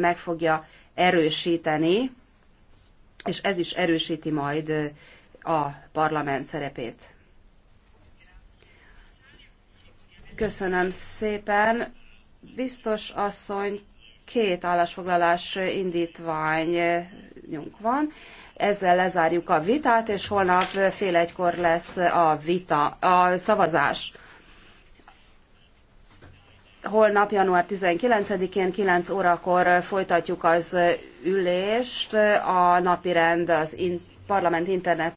meg fogja erősíteni, és ez is erősíti majd a parlament szerepét. Köszönöm szépen. Biztos asszony, két állásfoglalás indítványunk van. Ezzel lezárjuk a vitát, és holnap fél egykor lesz a, vita, a szavazás holnap, január 19-én 9 órakor folytatjuk az ülést, a napirend az in parlament internet